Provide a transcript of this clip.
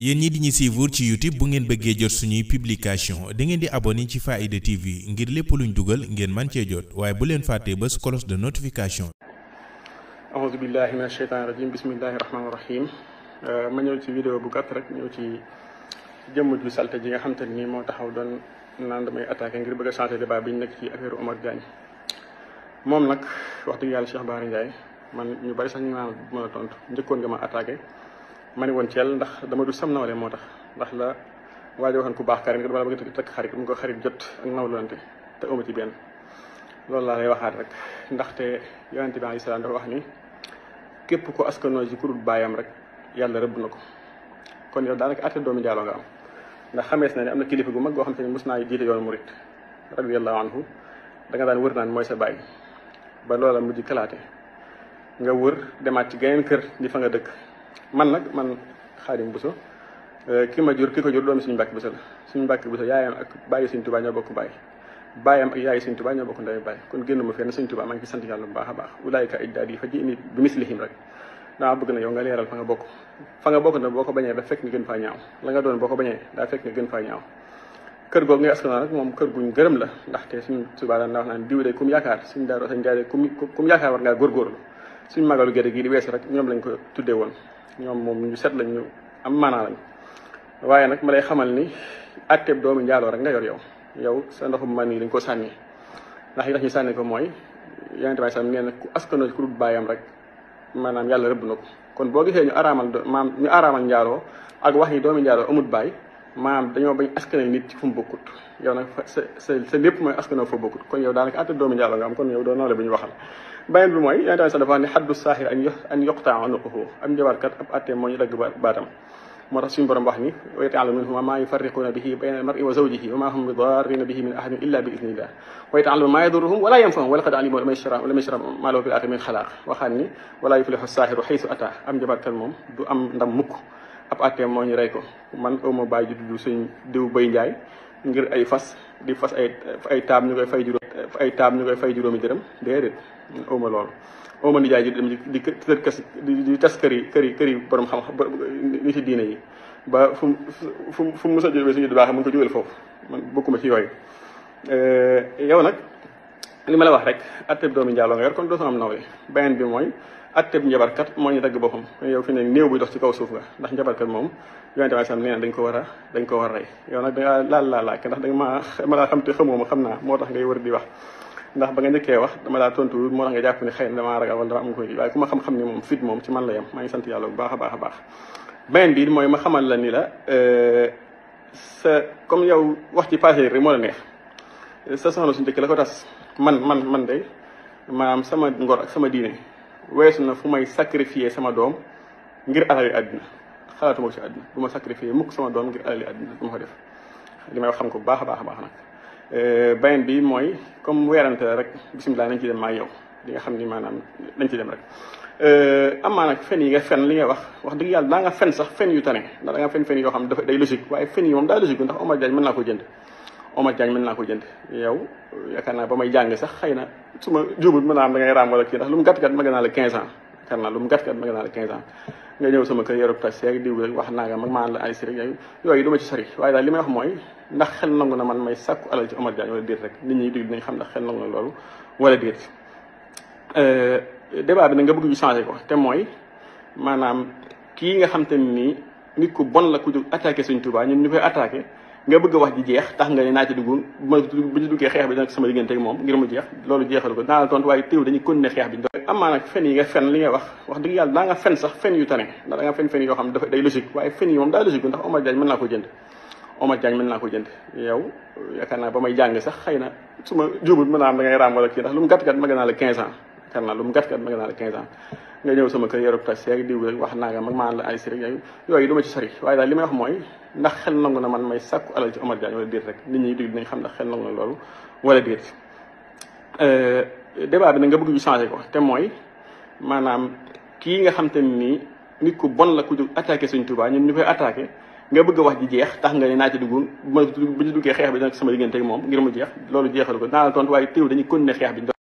yéen ñi di ñu suivre ci youtube bu ngeen bëggee jot suñuy publication di ngeen di abonné ci Faaida TV ngir lépp luñ dugal ngeen man cee jot waaye bu leen fàttee ba cloche de notification aouzu billahi mina sheytaani rajim bismillahi rahmaani rahim euh, ma ñëw ci vidéo bu gàtt rek ñëw ci jëmm ju salte ji nga xam te nii moo taxaw doon naan damay attaqué ngir bëgg a changé débat bi ñu nekk ci affaire Omar Diagne moom nag wax dëgg yàlla Cheikh Bara Ndiaye man ñu ñu naan mën a tontu njëkkoon nga ma mane woon Thiel ndax dama du sam nawle moo tax ndax la waajo waxoon ku baax kari nga dama la bëgg ko xarit jot ak nawlante te amu ci benn loolu laa lay waxaat rek ndaxte yonente bi alayhi wax ni képp ko askanoo ci kurut baayam rek yàlla rëbb na ko kon yow daanaka atte doomi nga am ndax xamees na ne am na kilifa gu mag goo xam te ne mos naa jiite yoon murit radiyallahu anhu da nga daan wër naan mooy sa bàyyi ba loola mujj kalaate nga wër demaat ci geneen kër di fa nga dëkk man nag man Xaadim Buso eh, ki ma jur ki ko jur doomi suñu mbàkk Buso la suñu mbàkk Buso yaayam ak bàyyi suñ tubaa ñoo bokk bàyyi bàyyam ak yaayi suñ tubaa ñoo bokk ndey bàyyi kon génn ma fenn suñ tubaa maa ngi ci yàlla bu baax a baax ulaayika iddaad yi bokk fa nga bokk na boo ko bañee da fekk nga gën faa ñaaw la nga doon boo ko bañee daa fekk nga gën kër googu ngay gërëm la ndaxte suñ subaa daan wax naan diw de kum yaakaar suñ daaroo sañ jaay de kum kum yaakaar war suñ magalu gerte gii di weesu rek ñoom lañ ko tuddee woon ñoom moom ñu set lañ ñu am maanaa lañ waaye nag ma lay xamal ni àtteeb doomi njaaloo rek nga yor yow yow sa ndoxum man yi dañ ko sànni ndax yi tax ñu sànni ko mooy yonente bi sallam nee na ku askanoo ku dul bàyyam rek maanaam yàlla rëbb na ko kon boo gisee ñu araamal maam ñu araamal njaaloo ak wax yi doomi njaaloo amut baay maanaam dañoo bañ askan nit ci fu mu bokkut yow nag sa sa sa lépp mooy askan fa bokkut kon yow daanaka atta doomi njaaloo nga am kon yow doo nawle bu ñu waxal beneen bi mooy yonent bi sax dafa ne xaddu saaxir an an yoqtaa unuquhu am njabarkat ab atte moo ñu dagg baatam moo tax suñu borom wax ni wa yata'allamuuna minhumaa maa yufarriquuna bihi bayna al-mar'i wa zawjihi wa maa hum bi darriina bihi min ahadin illaa bi idnillaah wa yata'allamuuna maa yadurruhum wa laa yanfa'uhum wa laqad alimu liman ishtarahu maa lahu fil aaxirati min xalaaq waxaan ni wa laa yuflihu saaxiru xaysu ataa am njabarkat moom du am ndam mukk ab atteem moo ñu rey ko man awma bàyyi juddu sëñ diw bay njaay ngir ay fas di fas ay ay taam ñu koy fay juróom ay taam ñu koy fay juróomi dërëm déedéet awma loolu awma ni ju dem di tër kasi di tas këri këri këri borom xam ni ci diine yi ba fu fu fu mu mës a jógee suñu baax mun ko jógal foofu man bokkuma ci yooyu eh, yow nag li ma la wax rek atteb doomi njaaloo nga yor kon dootoo am nawle beneen bi mooy atteb njabarkat moo ñu dagg boppam yow fi ne néew bi dox kaw suuf nga ndax njabarkat moom yonente bi sam nee na dañ ko a ko war a rey yow nag danga laal laa laak ndax danga ma ma laa xam te xamoo ma xam naa moo tax ngay wër di wax ndax ba nga njëkkee wax dama laa tontu moo nga jàpp ne xëy na damaa ragal wala dama waaye ku ma xam-xam ni moom fit moom ci man la yem maa ngi sant yàlla bu baax a baax a baax beneen bi mooy ma xamal la ni la euh, sa comme yow wax ci passé rek moo la neex sa soxna suñu dëkk la ko tas man man man de maanaam sama ngor ak sama diine weesu na fu may sacrifier sama doom ngir alali àddina xalaatuma ko ci àddina du ma sacrifier mukk sama doom ngir alali àddina du ma ko def li may wax xam ko baax a baax a baax nag euh, beneen bi mooy comme weerante la rek bisimilah nañ ci dem maa yow li nga xam ni maanaam dañ ci dem rek euh, amaa nag fen yi nga fen li nga wax wax dëgg yàlla daa nga fen sax fen yu tane ndax da nga fen fen yoo xam dafa day logique waaye fen yi moom daa logique bi ndax Omar Diagne mën naa ko jënd Omar Diagne mën naa ko jënd yow yaakaar naa ba may jàng sax xëy na su ma jubul mën naa am da ngay raam wala kii ndax lu mu gàtt gàtt mag naa la 15 ans yaakaar naa lu mu gàtt gàtt mag naa la 15 ans nga ñëw sama kër yorub tas seeg diw rek wax naanga mag maa la ay si rek yooyu yooyu du ma ci sori waaye daal li may wax mooy ndax xel nangu na man may sàkku alal ci Omar Diagne wala déet rek nit ñi dégg dinañ xam ndax xel nangu na loolu wala déet euh, débat bi nag nga bëgg ñu changé ko te mooy maanaam kii nga xam te ni nit ku bon la ku jóg attaqué Sëñ Tuubaa ñun ñu koy attaqué nga bëgg a wax ji jeex tax nga ne naa ci dugg ma bu ñu duggee xeex bi dana sama diggante ak moom ngir mu jeex loolu jeexalu ko dinaa la tontu waaye téew dañuy continuer xeex bi amaa nag fen yi nga fen li ngay wax wax day logique waaye fen yi moom daa logique ndax Omar Diagne mën naa ko jënd Omar Diagne mën naa ko jënd yow yaakaar naa ba may jàng sax xëy na su ma jubul mën naa am da raam wala kii ndax lu mu gàtt gàtt mag naa la 15 ans xel naa lu mu gàtt gàtt mag naa la 15 ans nga ñëw sama kër yorub taxi ak na man may euh, ñu changé ko te mooy maanaam kii nga xam te nii nit ku bon la ku jóg attaqué Sëñ Tuubaa ñun ñu koy attaqué nga bëgg wax ji jeex tax nga ne naa ci dugg ma bu ñu duggee xeex bi dina sama diggante ak mu jeex loolu jeexalu ko naa tontu waaye teew dañuy continuer xeex bi